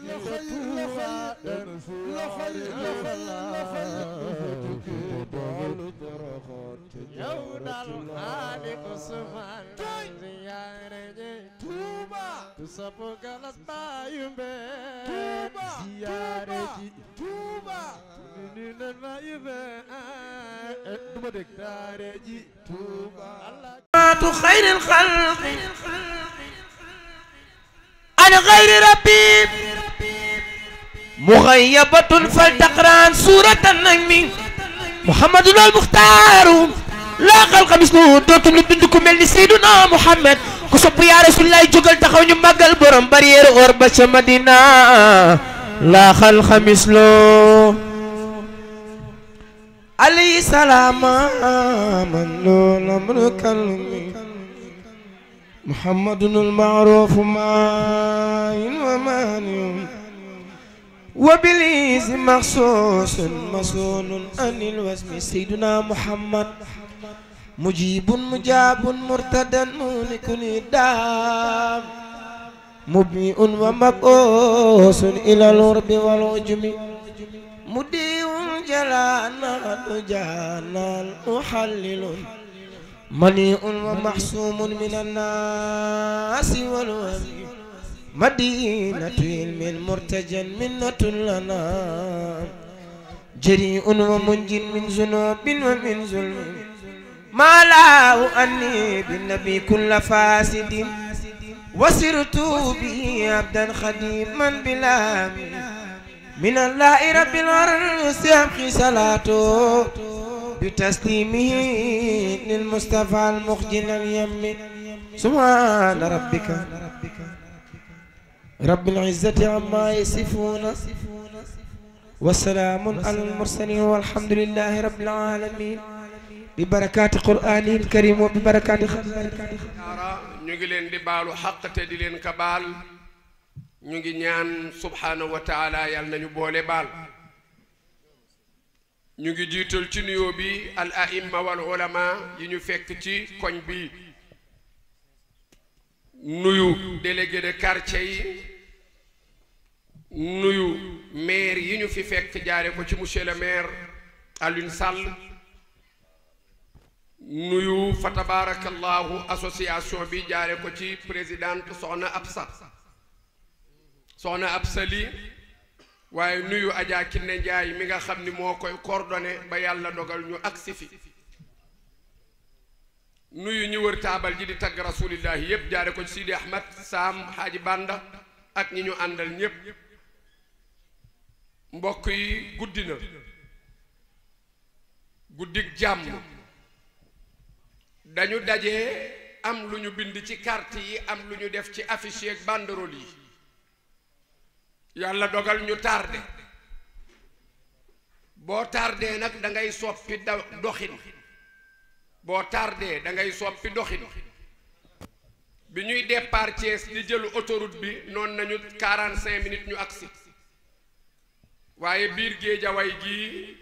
loxoy loxoy loxoy loxoy tukki boolu toroxoon te yow daal xaalik Usmaan ziyaare ji Tuuba tu sapu galas baayu mbee Tuuba ziyaare ji Tuuba ni na baayu mbee eh, eh, duma dégg daare ji Tuuba tu xayril xalqi an xayri rabbi مغيبة فلتقرأ سورة النجم محمد المختار لا خلق مثله dootu ñu bind ku mel ni Seydina Muhammad ku sopp yaa Rasulullaah jógal taxaw ñu màggal borom barrière or ba ca Madina la xalqa mislo alayhi salaam man loona man kalmi Muhammadun al-ma'ruf maa'in wa maaniyun وبالإيز مخصوص مسؤول عن الوزم سيدنا محمد مجيب مجاب مرتدا لكل دام مبيء ومبؤوس إلى الغرب والعجم مديع جلانا جانا محلل منيء ومحسوم من الناس والوزم مدينة علم مرتجى منة لنا جريء ومنج من ذنوب ومن ظلم ما لا أني بالنبي كل فاسد وسرت به عبدا خديما بلا من الله رب العرس يبقي صلاته بتسليمه للمصطفى المخجل اليم سبحان ربك rabbil al-mursaliin walhamdulillaahi ñu ngi leen di baalu xaq te ngi ñaan subhaanahu wa nañu boole baal ñu ngi jiital ci nuyoo bi al aimma wal ulama yi ñu fekk ci koñ bi nuyu délégué de quartier yi nuyu maire yi ñu fi fekk jaare ko ci monsieur le maire Alioune sàll nuyu fa tabarakallahu association bi jaare ko ci président soxna Absa soxna Absa lii waaye nuyu Adja Kiné Ndiaye mi nga xam ni moo koy coordonné ba yàlla dogal ñu agsi fi nuyu ñu wër taabal ji di tagg rasulillahi yépp jaare ko ci Sidi Ahmad Sam xaaji bànd ak ñi ñu àndal ñépp mbokk yi guddi na guddik jàmm dañu daje am lu ñu bind ci carte yi am lu ñu def ci affiche yeeg banderole yi yàlla dogal ñu tardé boo tardé nag da ngay soppi doxin boo tardé da bi ñuy départ Thiès di jël autoroute bi noon nañu quarante cinq minutes ñu agsi waaye biir géejaway gii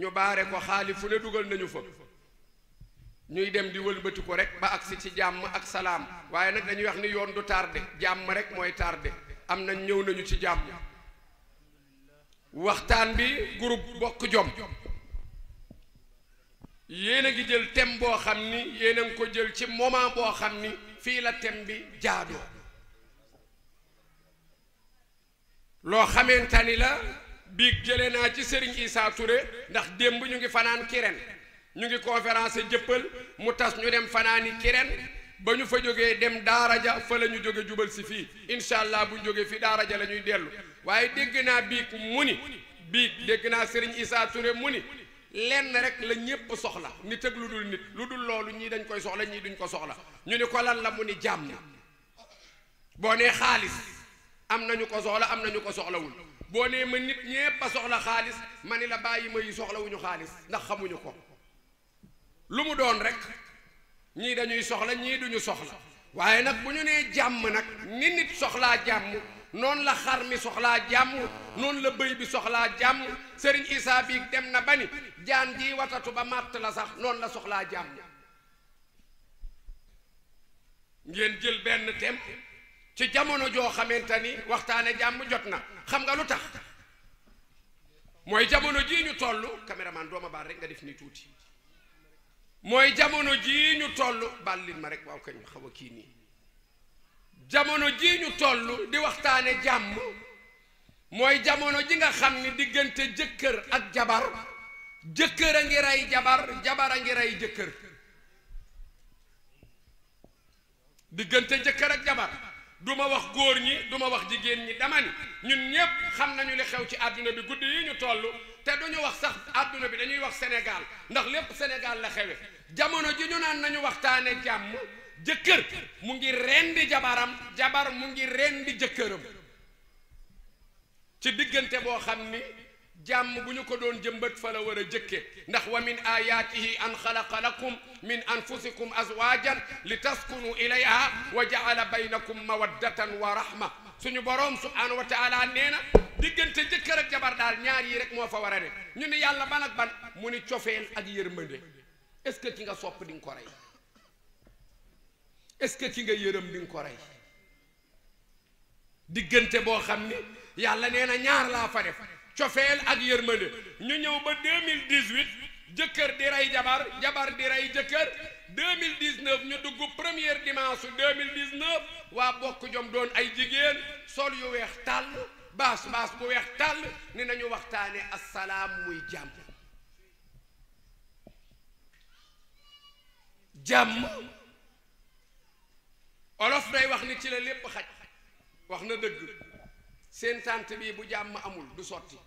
ñu baare ko xaali fu ne dugal nañu fa ñuy dem di wëlbatiku ko rek ba agsi ci jàmm ak salaam waaye nag dañuy wax ni yoon du tardé jàmm rek mooy tardé am nañ ñëw nañu ci jàmm waxtaan bi groupe bokk jom yéen a ngi jël thème boo xam ni yéen a ngi ko jël ci moment boo xam ni fii la thème bi jaadoo loo xamante ni la biig jëlee naa ci Serigne Issa Touré ndax démb ñu ngi fanaan Kirène ñu ngi conférence jëppal mu tas ñu dem fanaani Kirène ba ñu fa jógee dem daara ja fa la ñu jóge jubal si fii incha allah bu ñu jógee fii daara ja la ñuy dellu waaye dégg naa biig mu ni biig dégg naa Serigne Issa Touré mu ni lenn rek la ñépp soxla nit ak lu dul nit lu dul loolu ñii dañ koy soxla ñii duñ ko soxla ñu ni ko lan la mu ni jàmm na boo nee xaalis am nañu ko soxla am nañu ko soxlawul boo nee ma nit ñépp a soxla xaalis ma ni la bàyyi ma yi soxlawuñu xaalis ndax xamuñu ko lu mu doon rekk ñii dañuy soxla ñii duñu soxla waaye nag bu ñu nee jàmm nag ni nit soxlaa jàmm noonu la xar mi soxlaa jàmm noonu la bëy bi soxlaa jàmm sëriñ isaa bi dem na ba ni jaan ji watatu ba màtt la sax noonu la soxlaa jàmm ngeen jël benn temp ci jamono joo xamante ni waxtaane jàmm jot na xam nga lu tax mooy jamono jii ñu toll caméraman dooma baal rek nga def ni tuuti mooy jamono jii ñu toll baal leen ma rek waaw kañ xaw a kii nii jamono jii ñu toll di waxtaane jàmm mooy jamono ji nga xam ni diggante jëkkër ak jabar jëkkër a ngi rey jabar jabar a ngi rey jëkkër diggante jëkkër ak jabar du ma wax góor ñi du ma wax jigéen ñi dama ni ñun ñépp xam nañu li xew ci àdduna bi guddi yi ñu toll te duñu wax sax àdduna bi dañuy wax senegal ndax lépp Sénégal la xewe jamono ji ñu naan nañu waxtaane jàmm jëkkër mu ngi rendi jabaram jabar mu ngi rendi jëkkëram ci diggante boo xam ni jàmm bu ñu ko doon jëmbat fa la war a jëkke ndax wa min ayaatihi an xalaqa lakum min anfusikum azwajan li taskunu ilayha wa jaala baynakum mawaddatan wa rahma suñu boroom subhaanahu wa taala nee na diggante jëkkër ak jabar daal ñaar yi rek moo fa war a ñu ni yàlla ban ban mu ni cofeel ak yërmande est-ce que ki nga sopp di ko rey est-ce que ki nga yërëm di ko rey diggante boo xam ni yàlla nee na ñaar laa fa def cofeel ak yërmande ñu ñëw ba 2018 jëkkër di rey jabar jabar di rey jëkkër 2019 ñu dugg première dimanche 2019 waa bokk jom doon ay jigéen sol yu weex tàll baas baas bu weex tàll ni nañu waxtaane assalaam muy jàmm jàmm olof day wax ni ci la lépp xaj wax na dëgg seen tànt bii bu jàmm amul du sotti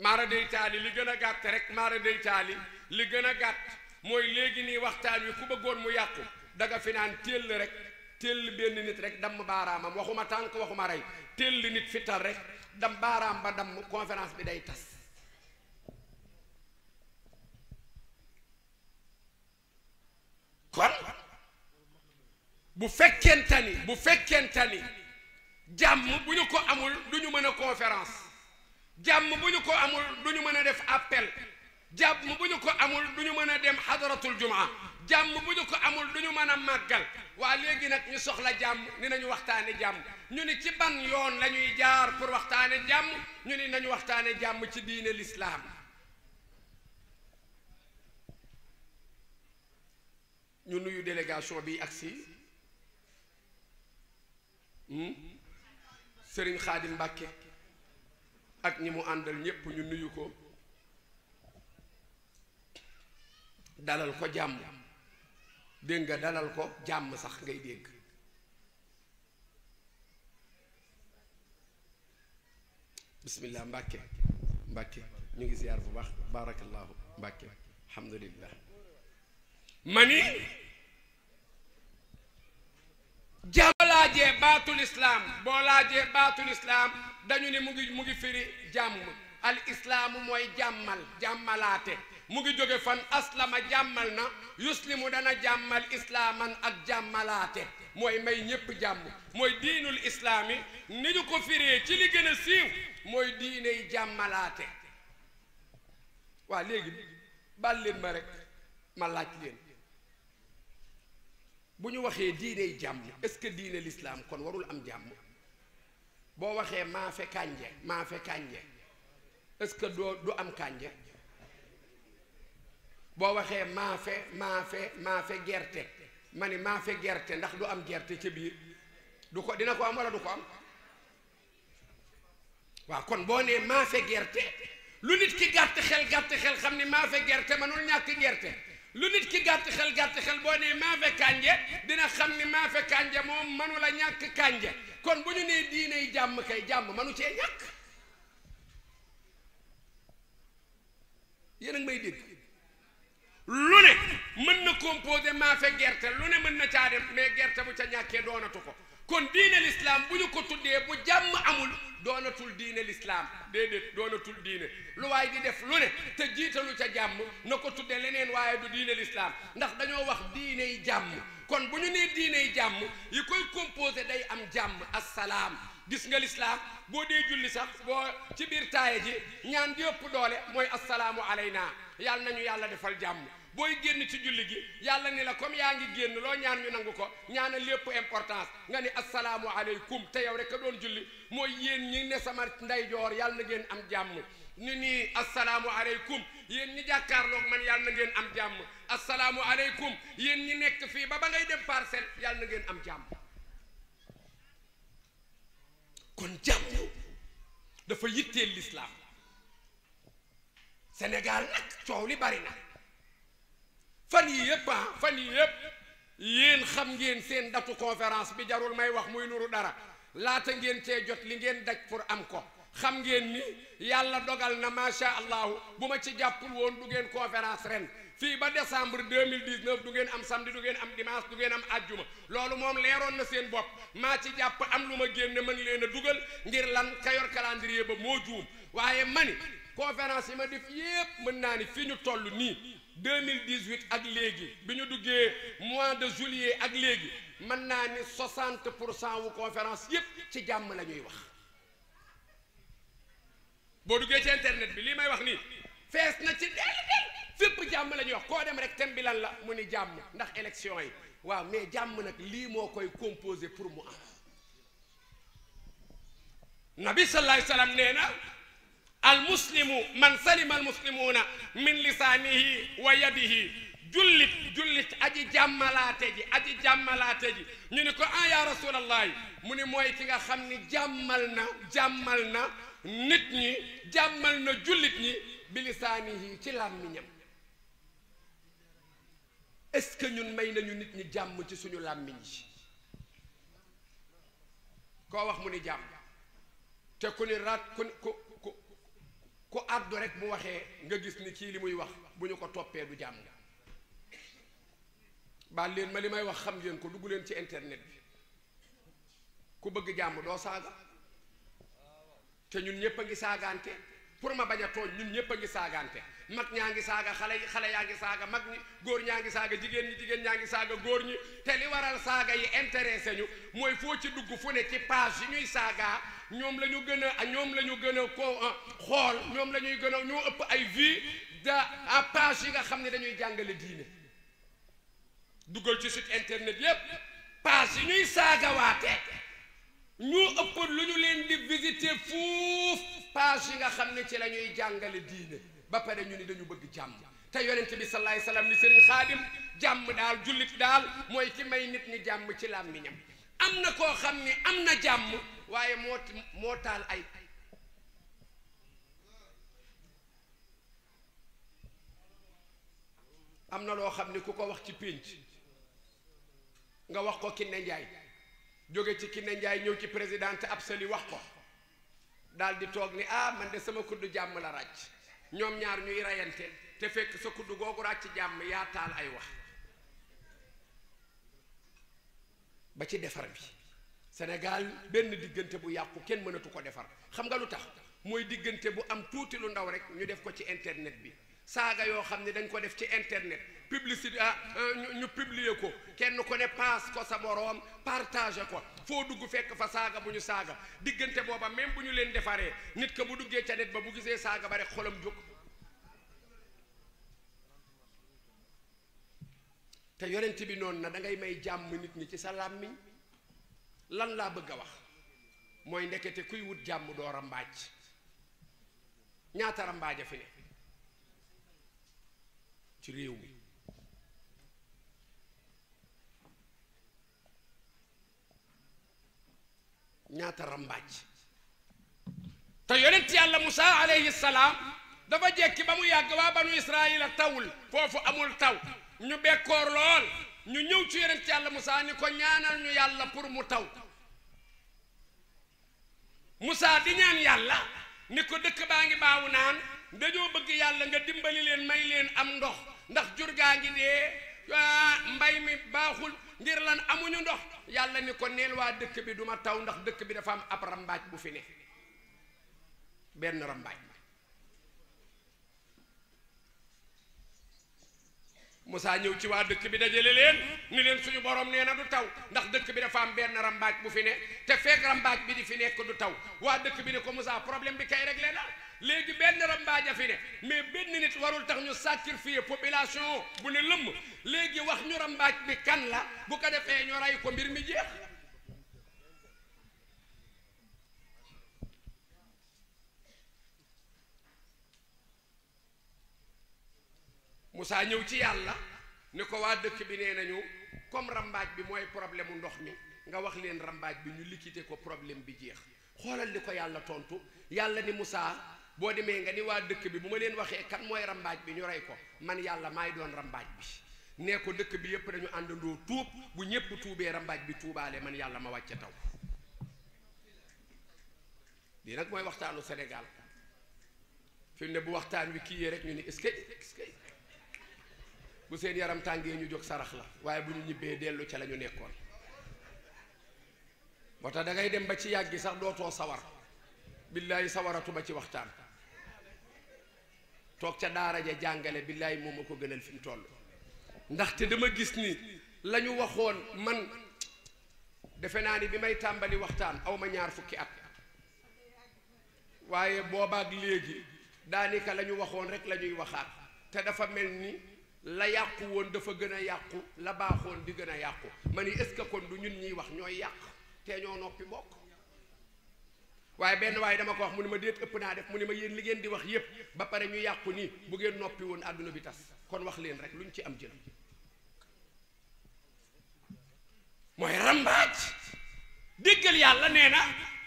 maara day taali li gën a gàtt rek maara day taali li gën a gàtt mooy léegi nii waxtaan wi ku bëggoon mu yàqu da nga fi rek téll benn nit rek damm baaraamam waxuma tànk waxuma rey téll nit fital rek dam baaraam ba damm conférence bi day tas kon bu fekkente ni bu fekkente ni jàmm bu ñu ko amul du ñu mën a conférence jàmm bu ñu ko amul du ñu mën a def appel jàmm bu ñu ko amul du ñu mën a dem xadaratul jumaa jàmm bu ñu ko amul du ñu mën a màggal waa léegi nag ñu soxla jàmm ni nañu waxtaane jàmm ñu ni ci yoon la jaar pour waxtaane jàmm ñu ni nañu waxtaane jàmm ci diine lislaam ñu nuyu délégation bi si hmm? Sëriñ Xaadim Mbàkke ak ñi mu àndal ñépp ñu nuyu ko dalal ko jàmm dégg nga dalal ko jàmm sax ngay dégg bismillah mbàkke mbàkke ñu ngi ziyaar bu baax barakallahu mbàkke alhamdulillah mani jàmm laajee baatul dañu ne mu mu ngi firi mooy jàmmal jàmmalaate mu ngi jóge fan aslama jàmmal na yuslimu jàmmal islaaman ak jàmmalaate mooy may ñépp jàmm mooy diinul islaam yi ñu ko firee ci li gën a siiw mooy diiney jàmmalaate waa léegi bàl ma rek ma laaj leen bu ñu waxee diiney jàmm est que diine lislaam kon warul am jàmm boo waxee maafe kànje maafe kànje est-ce que doo du am kànje boo waxee maafe maafe maafe gerte ma ni maafe gerte ndax du am gerte ca biir du ko dina ko am wala du ko am waaw kon boo nee maafe gerte lu nit ki gàtt xel gàtt xel xam ni maafe gerte manul ñàkk gerte lu nit ki gàtt xel gàtt xel boo nee maafe kànje dina xam ni maafe kànje moom manu la ñàkk kànje kon bu ñu nee diiney jàmm kay jàmm manu cee ñàkk yéen may dégg lu ne mën na composé maafe gerte lu ne mën na caa dem mais gerte bu ca ñàkkee doonatu ko kon diine lislaam bu ñu ko tuddee bu jàmm amul doonatul diine lislaam déedéet doonatul diine lu waay di def lu ne te jiitalu ca jàmm na ko tudde leneen waaye du diine lislaam ndax dañoo wax diiney jàmm kon bu ñu nee diiney jàmm yi koy composé day am jàmm assalaam gis nga lislaam boo dee julli sax boo ci biir taaye ji ñaan yëpp doole mooy assalaamu aleyna yàlla nañu yàlla defal jàmm booy génn ci julli gi yàlla ni la comme yaa ngi génn loo ñaan ñu nangu ko ñaana lépp importance nga ni asalaamu aleykum te yow rek a doon julli mooy yéen ñi ne sama ndeyjoor yàlla na ngeen am jàmm ñu nii asalaamu aleykum yéen ñi jàkkaarloog man yàlla na ngeen am jàmm asalaamu aleykum yéen ñi nekk fii ba ba ngay dem parcelle yàlla na ngeen am jàmm kon jàmm dafa yitteel lislaam senegal nag coow li bari na fan yii yëpp ah fan yi yëpp yéen xam ngeen seen datu conférence bi jarul may wax muy nuru dara laata ngeen cee jot li ngeen daj pour am ko xam ngeen ni yàlla dogal na macha allah bu ma ci jàppul woon du ngeen conférence ren fii ba decembre mille décembre 2019 du ngeen am samedi du ngeen am dimanche du ngeen am ajjuma loolu moom leeroon na seen bopp maa ci jàpp am lu ma génne mën leen a dugal ngir lan ka yor ba moo juum waaye mani conférence yi ma def mën naa ni fi ñu toll nii mille 2018 ak léegi bi ñu duggee mois de juillet ak léegi mën naa ni 60 pour cent wu conférence yépp ci jàmm la ñuy wax boo duggee ci internet bi lii may wax nii fees na ci dell dell fépp jàmm la ñuy wax koo dem rek thème bi lan la mu ni jàmm ndax élection yi waaw mais jàmm nag lii moo koy composé pour mu am nabi sallallahu alayhi wa nee na almuslimu man salima almuslimuuna min lisaanihi wa yadihi jullit jullit aji jàmmalaate ji aji jàmmalaate ji ñu ni ko ah ya rasulallahi mu ni mooy ki nga xam ni jàmmal na jàmmal na nit ñi jàmmal na jullit ñi bi lisaanihi ci làmmiñam est-ce que ñun may nañu nit ñi jàmm ci suñu làmmiñ yi koo wax mu ni jàmm te ku ni rat ku ku àddu rek mu waxee nga gis ni kii li muy wax bu ñu ko toppee du jàmm baal leen ma li may wax xam ngeen ko dugg leen ci internet bi ku bëgg jàmm doo saaga te ñun ñëpp a ngi saagaante pour ma bañ a tooñ ñun ñëpp a ngi saagaante mag ñaa ngi saaga xale yi xale yaa ngi saaga mag ñi góor ñaa ngi saaga jigéen ñi jigéen ñaa ngi saaga góor ñi te li waral saaga yi intéressé ñu mooy foo ci dugg fu ne ci page yi ñuy saagaa ñoom lañu gën a ñoom la ñu gën a ko ah, xool ñoom la ñuy gën a ñoo ëpp ay vie da à page yi nga xam ne dañuy jàngale diine dugal ci site internet yépp page yi ñuy saagawaate ñu ëpp lu ñu leen di visiter fuuf page yi nga xam ne ci lañuy jàngale diine ba pare ñu ni dañu bëgg jàmm te yonent bi sallallahu salaam wasallam ni sëriñ xaadim jàmm daal jullit daal mooy ki may nit ñi jàmm ci làmmiñam am na koo xam ni am na jàmm waaye moo moo taal ay am na loo xam ne ku ko wax ci pénc nga wax ko Kiné Njaay jóge ci Kiné Njaay ñëw ci présidente absolu wax ko daldi toog ni ah man de sama kudd jàmm la ràcc ñoom ñaar ñuy rayante te fekk sa kudd googu ràcc jàmm yaa taal ay wax ba ci defar bi Sénégal benn diggante bu yàqu kenn mënatu ko defar xam nga lu tax mooy diggante bu am tuuti lu ndaw rek ñu def ko ci internet bi saaga yoo xam ne dañ ko def ci internet publicité ah euh, ñu publier ko kenn ko ne paas ko sa boroom partage ko foo dugg fekk fa saaga bu ñu saaga diggante booba même bu ñu leen defaree nit ka bu duggee ca net ba bu gisee saaga ba rek xolam jóg te yonent bi noonu na dangay may jàmm nit ñi ci sa làmmiñ lan laa bëgg a wax mooy ndekete kuy wut jàmm doo rambaaj ñaata rambaaj a fi ci réew mi ñaata rambaaj te yonent yàlla Musaa alayhi salaam dafa jekki ba mu yàgg waa banu Israayiila tawul foofu amul taw ñu bekkoor lool ñu ñëw ci yonent yàlla Musaa ni ko ñaanal ñu yàlla pour mu taw Moussa di ñaan yàlla ni ko dëkk baa ngi baawu naan dañoo bëgg yàlla nga dimbali leen may leen am ndox ndax jur gaa ngi dee ah, mbay mi baaxul ngir lan amuñu ndox yàlla ni ko neel waa dëkk bi duma taw ndax dëkk bi dafa am ab rambaaj bu fi ne benn rambaaj Moussa ñëw ci waa dëkk bi dajale leen ni leen suñu borom nee na du taw ndax dëkk bi dafa am benn rambaaj bu fi ne te fekk rambaaj bi di fi nekk du taw waa dëkk bi ne ko Moussa problème bi kay rek réglé na léegi benn rambaaj a fi ne mais benn nit warul tax ñu sacrifier population bu ne lëmm léegi wax ñu rambaaj bi kan la bu ko defee ñu rey ko mbir mi jeex. musaa ñëw ci yàlla ni ko waa dëkk bi nee nañu comme rambaaj bi mooy problème mu ndox mi nga wax leen rambaaj bi ñu liquider ko problème bi jeex xoolal li ko yàlla tontu yàlla ni Moussa boo demee nga ni waa dëkk bi bu ma leen waxee kan mooy rambaaj bi ñu rey ko man yàlla maay doon rambaaj bi nee ko dëkk bi yépp dañu àndandoo tuub bu ñépp tuubee rambaaj bi tuubaale man yàlla ma wàcce taw lii nag mooy waxtaanu senegal fi mu ne bu waxtaan wi kii yee rek ñu ni est bu seen yaram tàngee ñu jóg sarax la waaye bu ñu ñibbee dellu ca la ñu nekkoon moo tax da dem ba ci yàggi sax dootoo sawar billaay sawaratu ba ci waxtaan toog ca daara ja jàngale billaay moom a ko gënal fi mu toll ndaxte dama gis ni lañu waxoon man defe naa ni bi may tàmbali waxtaan aw ma ñaar fukki at waaye boobaak léegi daanika la ñu waxoon rek la ñuy waxaat te dafa mel ni la yàqu woon dafa gën a yàqu la baaxoon di gën a yàqu ma ni est-ce que kon du ñun ñuy wax ñooy yàq te ñoo noppi mbokk waaye benn waaye dama ko wax mu ne ma déet ëpp naa def mu ne ma yéen li ngeen di wax yépp ba pare ñu yàqu nii bu ngeen noppi woon àdduna bi tas kon wax leen rek lu ñu ci am jël mooy rambaaj déggal yàlla nee na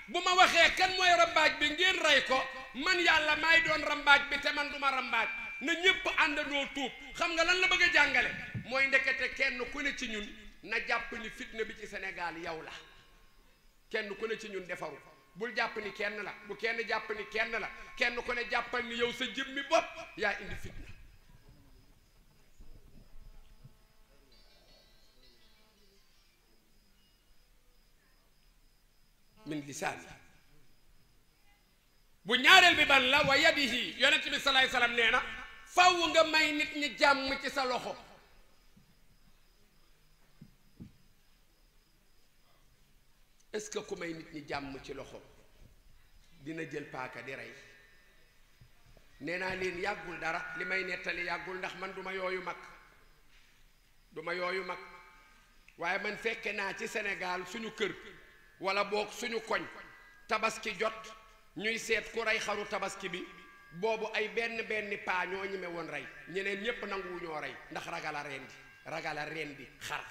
bu ma waxee kan mooy rambaaj bi ngeen rey ko man yàlla maay doon rambaaj bi te man du ma rambaaj na ñépp àndandoo tuub xam nga lan la bëgg a jàngale mooy ndekete kenn ku ne ci ñun na jàpp ni fitna bi ci Sénégal yow la kenn ku ne ci ñun defaru bul jàpp ni kenn la bu kenn jàpp ni kenn la kenn ku ne jàppal ni yow sa jëmmi bopp yaa indi fitna min lisaan bu ñaareel bi ban la wa yadihi yonent bi salaay salaam nee na faw nga may nit ñi jàmm ci sa loxo est-ce que ku may nit ñi jàmm ci loxo dina jël paaka di rey nee naa leen yàggul dara li may nettali yàggul ndax man duma yooyu mag duma yooyu mag waaye man fekke naa ci senegaal suñu kër wala boog suñu koñ tabaski jot ñuy seet ku rey xaru tabaski bi boobu ay benn benn paa ñoo ñeme woon rey ñeneen ñépp nanguwu ñoo rey ndax ragala reen di ragala reen di xar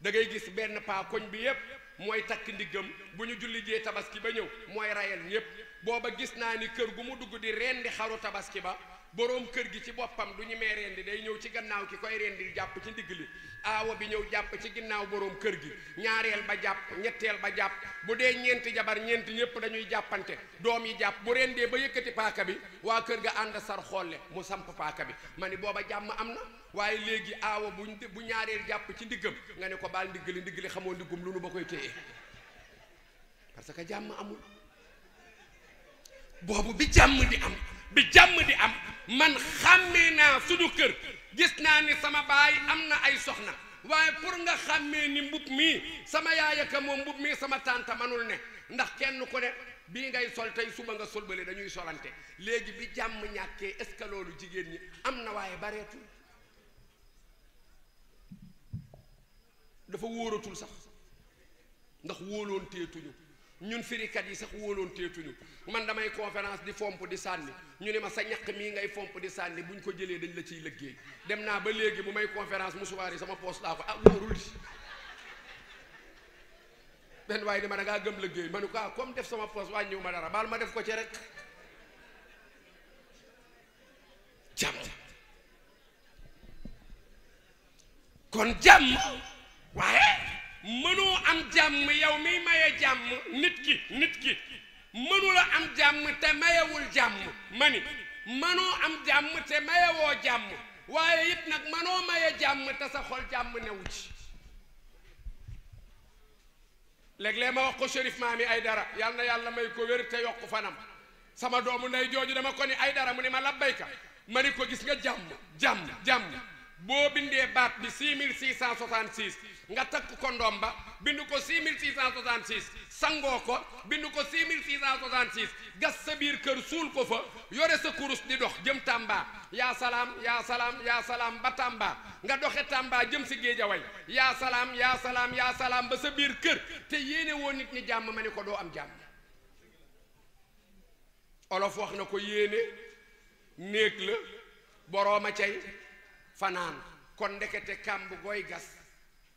da ngay gis benn paa koñ bi yépp mooy takk ndiggam bu ñu julli jee tabaski ba ñëw mooy rayal ñépp booba gis naa ni kër gu mu dugg di reen di xaru tabaski ba boroom kër gi ci boppam du ñu mee rendi day ñëw ci gannaaw ki koy rendi jàpp ci ndigg li aawa bi ñëw jàpp ci ginnaaw boroom kër gi ñaareel ba jàpp ñetteel ba jàpp bu dee ñeenti jabar ñeenti ñépp dañuy jàppante doom yi jàpp bu rendee ba yëkkati paaka bi waa kër ga ànd sar xolle mu samp paaka bi ma ni booba jàmm am na waaye léegi aawa bu bu ñaareel jàpp ci ndiggam nga ne ko baal ndigg li ndigg li xamoo ndiggum lu nu ba koy téye parce que jàmm amul boobu am bi jàmm di am man xàmmee naa suñu kër gis naa ni sama baay am na ay soxna waaye pour nga xàmmee ni mbub mii sama yaay ak moom mbubb mii sama tànta manul ne ndax kenn ko ne bii ngay sol tey suba nga sol dañuy solante léegi bi jàmm ñàkkee est-ce que loolu jigéen ñi am na waaye bareetul dafa wóoratul sax ndax wóoloon teetuñu ñun firikat yi sax wóoloon teetuñu man damay conférence di fomp di sànni ñu ne ma sa ñaq mii ngay fomp di sànni buñ ko jëlee dañ la ciy liggéey dem naa ba léegi bu may conférence musuwaar yi sama poos laa ko ah wóorul di benn waaye ni ma da gëm liggéey ma nu kaa ah comme def sama poos wàññiwu ma dara baal ma def ko ci rek jàmm kon jàmm waaye mënoo am jàmm yow mi maye jàmm nit ki nit ki mënula am jàmm te mayewul jàmm ma ni mënoo am jàmm te mayewoo jàmm waaye it nag mënoo maye jàmm te sa xol jàmm newu ci léeg ma wax ko Chérif Maami Aydara yal na yàlla may ko wér te yokk fanam sama doomu nday jooju dama ko ni Aydara mu ne ma labbayka ma ni ko gis nga jàmm jàmm jàmm boo bindee baat bi 6666 nga takk ko ndomba bind ko 6666 sangoo ko bind ko 6666 gas sa biir kër suul ko fa yore sa kurus di dox jëm Tamba yaa salaam yaa salaam yaa salaam ba Tamba nga doxe Tamba jëm si Géejawaay yaa salaam yaa salaam yaa salaam ba sa biir kër te yéene woo nit ni jàmm ma ne ko doo am jàmm olof wax na ko yéene néeg la boroom a cay fanaan kon ndekete kàmb goy gas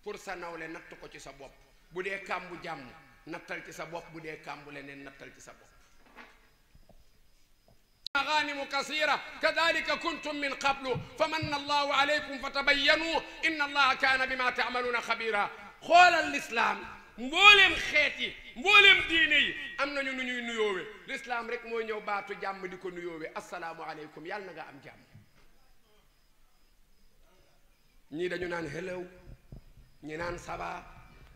pour sa nawle natt ko ci sa bopp bu dee kàmbu jàmm nattal ci sa bopp bu dee kàmbu leneen nattal ci sa bopp مغانم كثيرة كذلك كنتم من قبل فمن الله عليكم فتبينوا إن الله كان بما تعملون خبيرا xool lislaam mboolem xeet yi mboolem diine yi am nañu nu ñuy nuyoowe lislaam rek mooy ñëw baatu jàmm di ko nuyoowe asalaamu aleykum yàlla na nga am jàmm ñii dañu naan hello ñi naan saba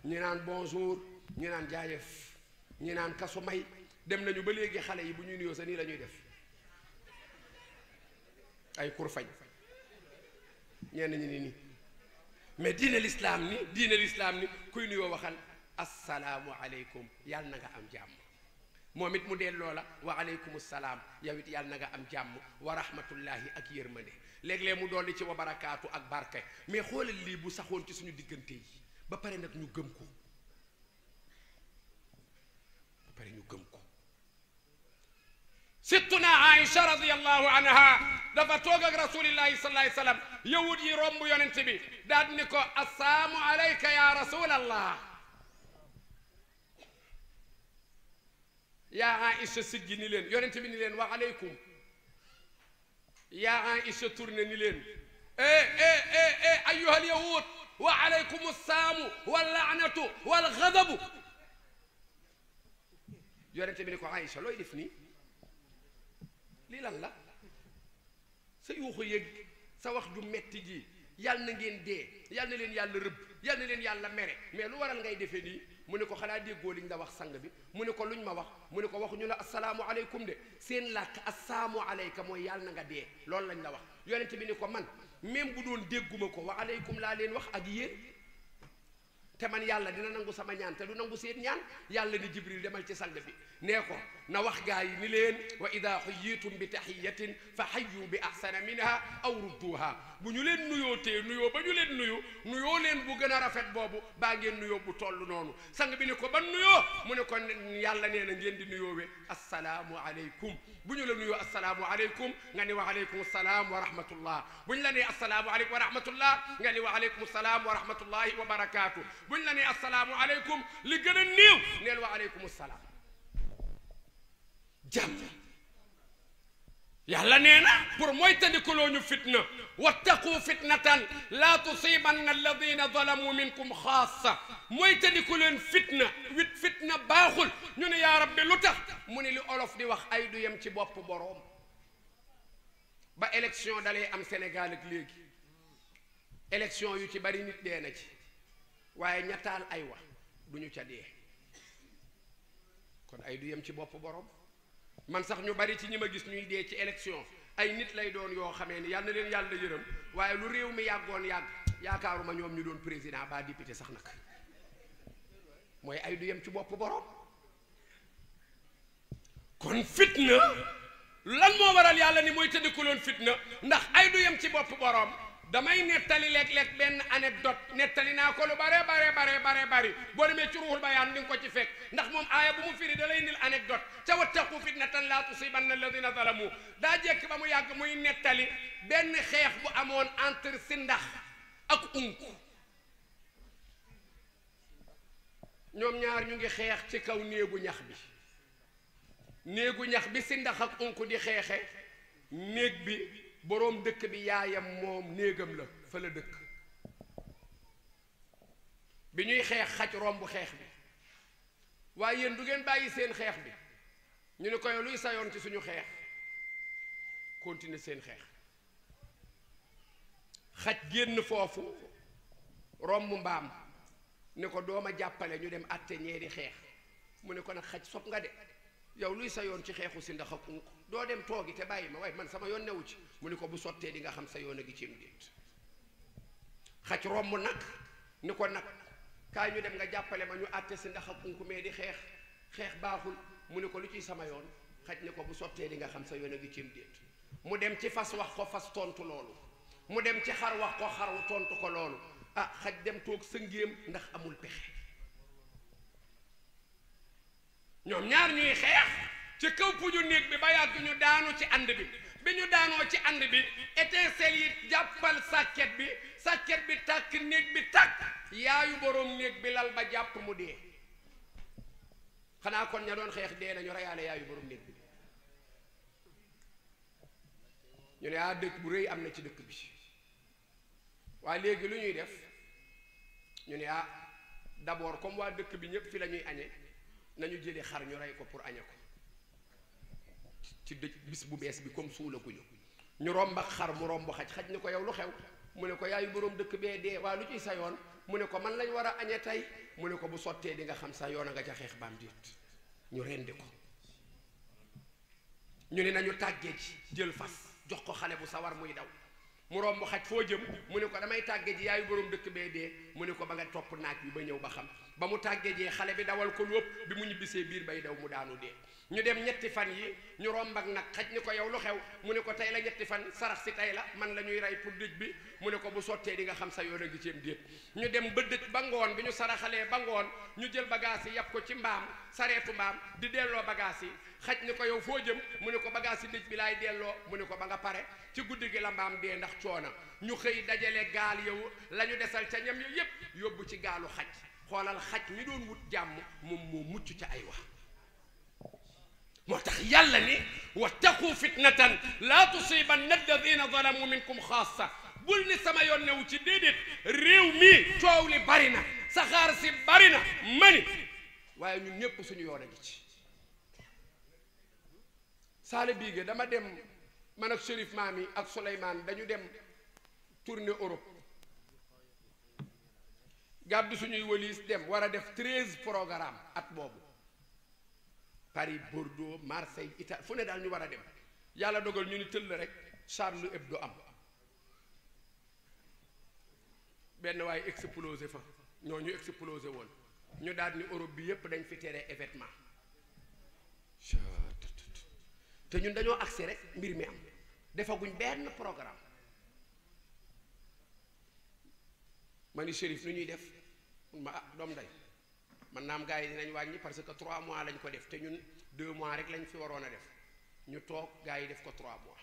ñi naan bonjour ñi naan jaajëf ñi naan kasu may dem nañu ba léegi xale yi bu ñuy nuyoo sa nii lañuy def ay kurfañ ñenn ñi ni nii mais diina lislaam ni diine lislaam ni kuy nuyoo waxal asalaamualeykum yàlla na nga am jàmm moom it mu delloo la wa aleykum salaam yow it yàlla na am jàmm wa rahmatullahi ak yërmande léeg-léeg mu dolli ci wa barakaatu ak barke mais xoolal lii bu saxoon ci suñu diggante yi ba pare nag ñu gëm ko ba pare ñu gëm sittuna aïcha radiallahu anha dafa toog ak rasulillahi sallallahu alayhi wa sallam yawut yi romb yonent bi daal ni ko assalaamu alayka ya rasulallah yaa Aïcha siggi ni leen yonent bi ni leen wa aleykum yaa Aïcha tourné ni leen eh eh eh eh ayyuhal yahud wa aleykum saamu wal laanatu wal xadabu yonent bi ni ko Aïcha looy def nii lii lan la sa yuuxu yëg sa wax ju metti ji yàlla na ngeen dee yàlla na leen yàlla rëbb yàlla na leen yàlla mere mais lu waral ngay defee nii mu ne ko xanaa déggoo liñ la wax sang bi mu ne ko luñ ma wax mu ne ko waxuñu la asalaamualeykum de seen làkk assalaamu aleyka mooy yàlla na nga dee loolu lañ la wax yonent bi ni ko man même bu doon dégguma ko wa aleykum laa leen wax ak yéen te man yàlla dina nangu sama ñaan te du nangu seen ñaan yàlla ni jibril demal ci sang bi nee ko na wax gaa yi ni leen wa ida xuyitum bi taxiyatin fa xayu bi axsana minha aw rudduha bu ñu leen nuyoo tee nuyoo ba ñu leen nuyu nuyoo leen bu gën a rafet boobu baa ngeen nuyoo bu toll noonu sang bi ne ko ban nuyoo mu ne ko yàlla nee na ngeen di nuyoowee assalaamu aleykum bu ñu la nuyoo assalaamu aleykum nga ni wa aleykum salaam wa rahmatullah bu ñu la nee assalaamu aleykum wa rahmatullah aleykum salaam wa rahmatullahi wa barakaatu bu ñu la nee assalaamu li gën a néew neel wa aleykum yàlla nee na pour mooy tandikuloo ñu fitna wattaqu fitnatan laa tusibanna alladina zalamu minkum xaasa mooy tandiku leen fitna wit fitna baaxul ñu ne yaa rabbi lu tax mu ne li olof di wax ay du yem ci bopp boroom ba élection dalay am Sénégal ak léegi yu ci bari nit dee ci waaye ñattaal ay wax du ñu ca dee kon ay du yem ci bopp borom man sax ñu bari ci ñi ma gis ñuy dee ci élection ay nit lay doon yoo xamee ni yal na leen yàlla yërëm waaye lu réew mi yàggoon yàgg yaakaaruma ñoom ñu doon président ba député sax nag mooy ay du yem ci bopp boroom kon fitna lan moo waral yàlla ni mooy tëddikuloon fitna ndax ay du yem ci bopp boroom damay nettali léeg-léeg benn anecdote nettali naa ko lu bare bare bare bare bari boo demee ci ruuxul bayaan di nga ko ci fekk ndax moom aaya bu mu firi da lay indil anecdote ca wattaqu fitnatan laa tusibanna alladina zalamu daa jekk ba mu yàgg muy nettali benn xeex bu amoon entre sindax ak unk ñoom ñaar ñu ngi xeex ci kaw néegu ñax bi néegu ñax bi sindax ak unk di xeexe néeg bi boroom dëkk bi yaayam moom néegam la fa la dëkk bi ñuy xeex xaj romb xeex bi waaye yéen du ngeen bàyyi seen xeex bi ñu ne koy luy sayoon ci suñu xeex continuer seen xeex xaj génn foofu romb mbaam ne ko dooma jàppale ñu dem àtte ñeeri xeex mu ne ko nag xaj sob nga de yow luy sayoon ci xeexu si ndax ak unk doo dem toogi te bàyyi ma waaye man sama yoon newu ci mu ni ko bu sottee di nga xam sa yoon a gi cim déet xaj romb nag ni ko nag kaay ñu dem nga jàppale ma ñu àtte si ndax ak unkumee di xeex xeex baaxul mu ni ko lu ciy sama yoon xaj ni ko bu sottee di nga xam sa yoon a gi cim déet mu dem ci fas wax ko fas tontu loolu mu dem ci xar wax ko xaru tontu ko loolu ah xaj dem toog sëngéem ndax amul pexe ñoom ñaar ñuy xeex ci kaw puñu néeg bi ba yàgg ñu daanu ci ànd bi bi ñu daanoo ci ànd bi étincelle yi jàppal sàkket bi sàkket bi tàkk néeg bi tàkk yaayu boroom néeg bi lal ba jàpp mu dee xanaa kon ña doon xeex dee nañu reyaale yaayu boroom néeg bi ñu ne ah dëkk bu rëy am na ci dëkk bi waaye léegi lu ñuy def ñu ne ah d'abord comme waa dëkk bi ñépp fi la ñuy añe nañu jëli xar ñu rey ko pour añe ko ci dëj bis bu bees bi comme suula ku ñu ñu romb ak xar mu romb xaj xaj ni ko yow lu xew mu ne ko yaayu boroom dëkk bee dee waa lu ciy sa yoon mu ne ko man lañu war a añee tey mu ne ko bu sottee di nga xam sa yoon a nga ca xeex baam déet ñu rendi ko ñu ne nañu tàggee ci jël fas jox ko xale bu sawar muy daw mu romb xaj foo jëm mu ne ko damay tàgge ji yaayu borom dëkk bee dee mu ne ko ba nga topp naaj bi ba ñëw ba xam ba mu tàgge jee xale bi dawal ko lépp bi mu ñibbisee biir bay daw mu daanu dee ñu dem ñetti fan yi ñu romb nag xaj ni ko yow lu xew mu ne ko tey la ñetti fan sarax si tey la man la ñuy rey pour dëj bi mu ne ko bu sottee di nga xam sa yoon a ngi ceem déet ñu dem ba dëj ba ngoon bi ñu saraxalee ba ngoon ñu jël bagage yi yàpp ko ci mbaam sareetu mbaam di delloo bagaas yi xaj ni ko yow foo jëm mu ne ko bagage si néeg bi laay delloo mu ne ko ba nga pare ci guddi gi la mbaam dee ndax coona ñu xëy dajale gaal yow la desal ca ñam yow yépp yóbbu ci gaalu xaj xoolal xaj mi doon wut jàmm moom moo mucc ca ay wax moo tax yàlla ni wattaqu fitnatan laa tusibanna alladina zalamu minkum xaasa bul ni sama yoon newu ci déedéet réew mi coow li bari na saxaar si bari mani waaye ñun ñépp suñu yoon a ngi ci saale biige dama dem man ak Chérif Maami ak Souleymane dañu dem tournée Europe gàddu suñuy wëliis dem war a def treize programme at boobu Paris Bordeaux Marseille Italie fu ne daal ñu war a dem yàlla dogal ñu ni tëll rek Charlie Hebdo am benn waaye explosé fa ñoo ñu explosé woon ñu daal ni Europe bi yépp dañ fi tere événement te ñun dañoo agsi rek mbir mi am defaguñ benn programme ma ni Chérif ñuy def ma ah doom ndey man naam gars yi dinañ wàññi parce que trois mois lañ ko def te ñun deux mois rek lañ fi waroon a def ñu toog gars yi def ko trois mois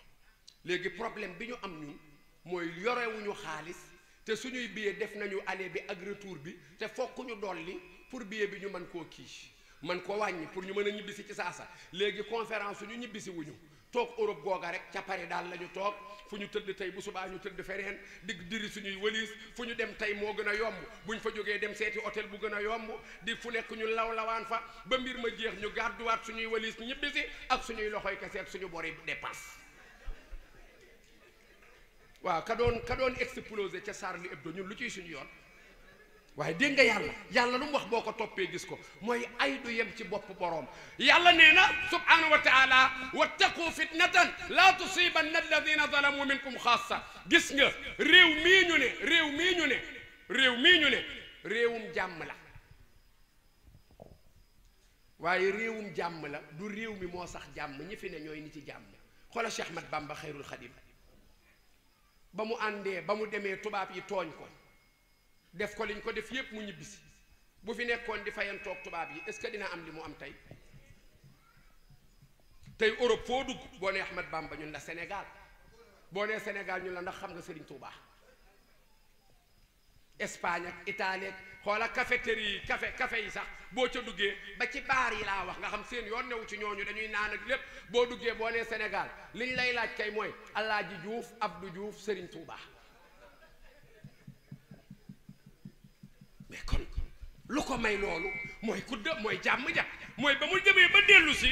léegi problème bi ñu am ñun mooy yorewuñu xaalis te suñuy billet def nañu aller bi ak retour bi te fokk ñu dolli pour billet bi ñu mën koo kii man ko wàññi pour ñu mën a ñibbisi ci saasa léegi conférence suñu ñibbisi wuñu toog Europe googa rek ca Paris daal la ñu toog fu ñu tëdd tey bu subaa ñu tëdd feneen digg diri suñuy wëliis fu ñu dem tey moo gën a yomb bu ñu fa jógee dem seeti hôtel bu gën a yomb di fu nekk ñu law lawaan fa ba mbir ma jeex ñu gàdduwaat suñuy wëliis ñibbisi ak suñuy loxoy kese ak suñu bori dépense waaw ka doon ka doon explosé ca saar Charlie Hebdo ñun lu ciy suñu yoon waaye dégg nga yàlla yàlla lu mu wax boo ko toppee gis ko mooy ay du yem ci bopp boroom yàlla nee na subhaanahu wa taala wattaqu fitnatan laa tusibanna alladina zalamu minkum xaasa gis nga réew mii ne réew mii ñu ne réew mii ne réewum jàmm la waaye réewum jàmm la du réew mi moo sax jàmm ñi fi ne ñooy ni ci jàmm xoolal Cheikh Ahmad Bamba xayrul xadim ba mu àndee ba mu demee tubaab yi tooñ ko def ko liñ ko def yépp mu ñibbisi bu fi nekkoon di fayan toog tubaab yi est-ce que dina am li mu am tey tey orop foo dugg boo nee Ahmad ba ñun la senegaal boo nee Sénégal ñun la ndax xam nga Serigne Touba Espagne ak Italie ak xoola cafétéria yi café kafe yi sax boo ca duggee ba ci baar yi laa wax nga xam seen yoon new ci ñooñu dañuy naan ak lépp boo duggee boo nee Sénégal liñ lay laaj kay mooy Alaaji Diouf Abdou juuf sëriñ tuubaa mais kon lu ko may loolu mooy ku dë mooy jàmm ja mooy ba mu demee ba dellu si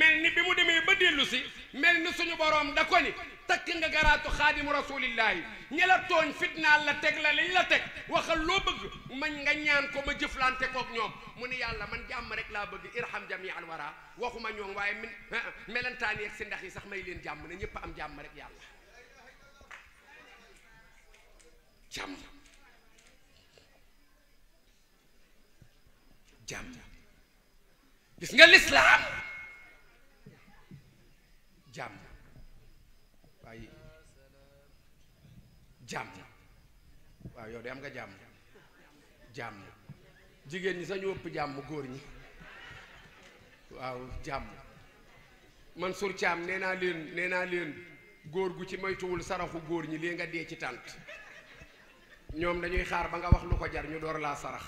mel ni bi mu demee ba dellu si mel ni suñu boroom da ko ni takk nga garaatu xaadimu rasulillahi ñi la tooñ fitnaal la teg la liñ la teg waxal loo bëgg man nga ñaan ko ma jëflante kook ñoom mu ni yàlla man jàmm rek laa bëgg irham jami al wara waxuma ñoom waaye min ah, melentaan yeeg si ndax yi sax may leen jàmm ne ñëpp am jàmm rek yàlla jàmm gis nga lislaam jàmm waaye jàmm waaw yow de am nga jàmm jàmm jigéen ñi sañu ëpp jàmm góor ñi waaw jàmm man sur caam nee naa leen nee naa leen góor gu ci moytuwul saraxu góor ñi lii nga dee ci tànt ñoom dañuy xaar ba nga wax lu ko jar ñu door laa sarax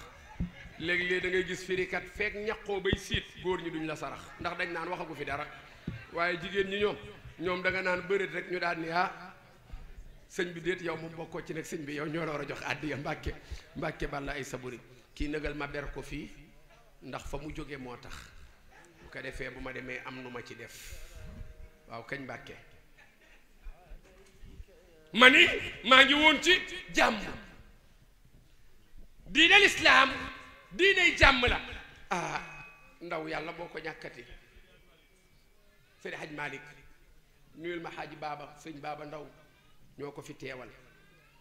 léegi léeg da ngay gis firikat feek ñaqoo bay siit góor ñi duñ la sarax ndax dañ naan waxagu fi dara waaye jigéen ñi ñoom ñoom danga naan bëreet rek ñu daan ni ah sëñ bi déet yow mu mbokkoo ci nag sëñ bi yow ñoo la war a jox àddiya mbàkke mbàkke balla ay saburi kii nëgal ma ber ko fii ndax fa mu jóge moo tax bu ko defee bu ma demee am nu ma ci def waaw kañ mbàkke ma ni maa ngi woon ci jàmm diine lislaam diiney jàmm la ah ndaw yàlla boo ko ñàkkati sëñ Haj Malick nuyul ma xaaji baaba sëñ baaba ndaw ñoo ko fi teewal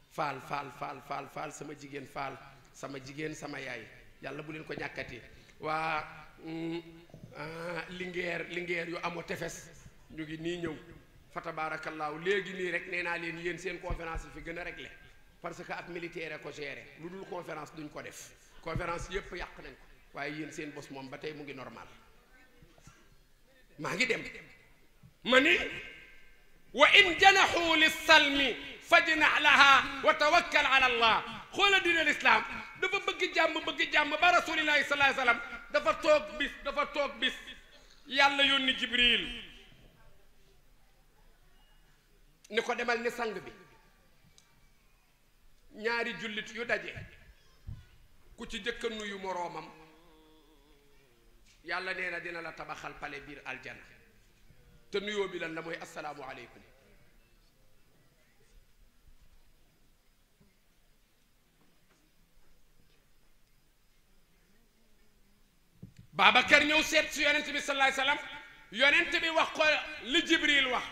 faal faal faal faal faal sama jigéen faal sama jigéen sama yaay yàlla bu leen ko ñàkkati waa lingeer mm, ah, lingeer yu amoo tefes ñu ngi nii ñëw fa tabaarakallaahu léegi nii rek nee naa leen yeen seen conférence fi gën a regle parce que ab militaire ko géré lu dul conférence duñ ko def conférence yëpp yàq nañ ko waaye yéen seen bos moom ba tey mu ngi normal maa ngi dem ma ni wa in janaxu lissalmi fajnax laha wa tawakkal allah xoola dina lislaam dafa bëgg jàmm bëgg jàmm ba rasulillahi sallallahu alayhi dafa toog bis dafa yàlla yónni jibril ni ko demal ni sang bi ñaari jullit yu daje ku ci jëkk a nuyu moroomam yàlla nee dina la tabaxal pale biir aljana te nuyoo bi lan la mooy asalaamu aleykum Babacar ñëw seet si yonent bi salaam yonent bi wax ko li Jibril wax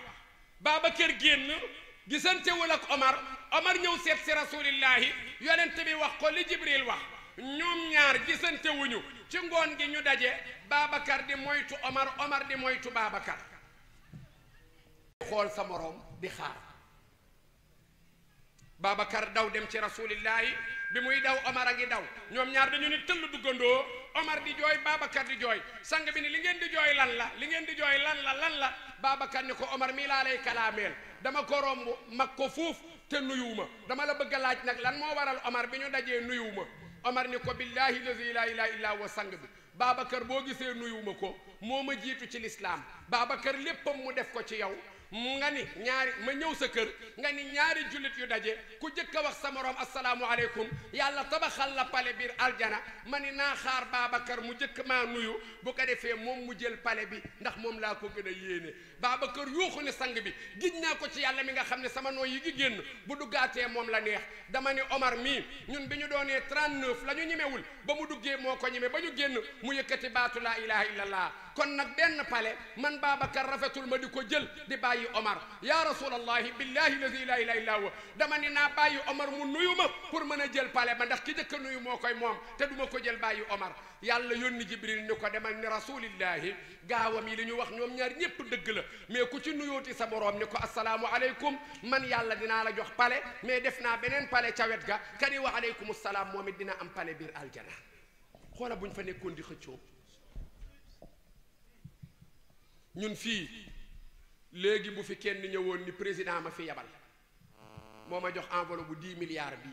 Babacar ñëw seet si rasulillahi yonent bi wax ko li Jibril wax ñoom ñaar gisante wuñu ci ngoon gi ñu daje Babacar di moytu Omar Omar di moytu Babacar xool sa moroom di xaar Babacar daw dem ci rasulillahi bi muy daw Omar a ngi daw ñoom ñaar dañu ni tëll duggandoo Omar di jooy Babacar di jooy sang bi ni li ngeen di jooy lan la li ngeen di jooy lan la lan la Babacar ni ko Omar mii laa lay kalaameel dama ko romb mag ko fuuf te nuyuwuma dama la bëgg laaj nag lan moo waral Omar bi ñu dajee nuyuwuma Omar ni ko billaahi lazi laa ilaaha illaa wa sang bi Babacar boo gisee nuyuma ko moo ma jiitu ci lislaam Babacar léppam mu def ko ci yow nga ni ñaari ma ñëw sa kër nga ni ñaari jullit yu daje ku jëkk a wax sa morom asalaamualeykum yàlla tabaxal la pale biir aljana ma ni naa xaar Babacar mu jëkk maa nuyu bu ko defee moom mu jël pale bi ndax moom laa ko gën a yéene Babacar yuuxu ne sang bi gis naa ko ci yàlla mi nga xam ne sama noo yi gi génn bu duggaatee moom la neex dama ni Omar mii ñun bi ñu doonee 39 la ñu ñemewul ba mu duggee moo ko ñeme ba ñu génn mu yëkkati baatu laa ilaha illallah kon nag benn pale man Babacar rafetul ma di ko jël di bàyyi Omar yaa rasulallahi billahi lazi la ilaha illa huwa dama ni naa bàyyi Omar mu nuyu ma pour mën a jël pale ba ndax ki jëkk a nuyu moo koy moom te du ko jël bàyyi Omar yàlla yónni Jibril ni ko demal ni rasulillahi gaawam yi li ñu wax ñoom ñaar ñépp dëgg la mais ku ci nuyooti sa boroom ni ko assalaamu aleykum man yàlla dinaa la jox pale mais def naa beneen pale ca wet ga kani wa aleykum salaam moom it dina am pale biir aljana xoola buñ fa nekkoon di xëccoo ñun fii léegi bu fi kenn ñëwoon ni président ma fi yabal moo ma jox enveloppe bu dix milliards bi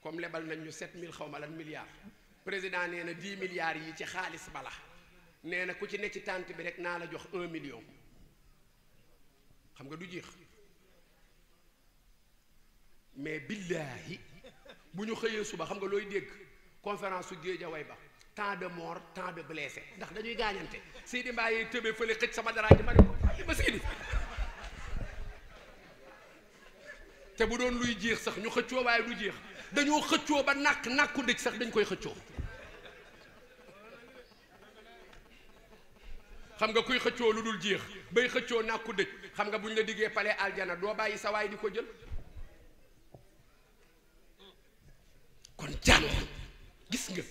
comme lebal nañ ñu sept mille xaw ma lan milliards président nee na dix milliards yi ci xaalis bala nee na ku ci ne ci tànt bi rek naa la jox un million xam nga du jeex mais billaahi bu ñu xëyee suba xam nga looy dégg conférence su Géejawaay ba tant de morts tant de blessés ndax dañuy gaañante Seydi Mbaye tëbee fële xëj sama dara ji ma ne ko li ma Seydi te bu doon luy jeex sax ñu xëccoo waaye du jeex dañoo xëccoo ba nàkk nàkku dëj sax dañ koy xëccoo xam nga kuy xëccoo lu dul jeex bay xëccoo nàkku dëj xam nga buñ la diggee pale aljana doo bàyyi sa waay di ko jël kon jàng gis nga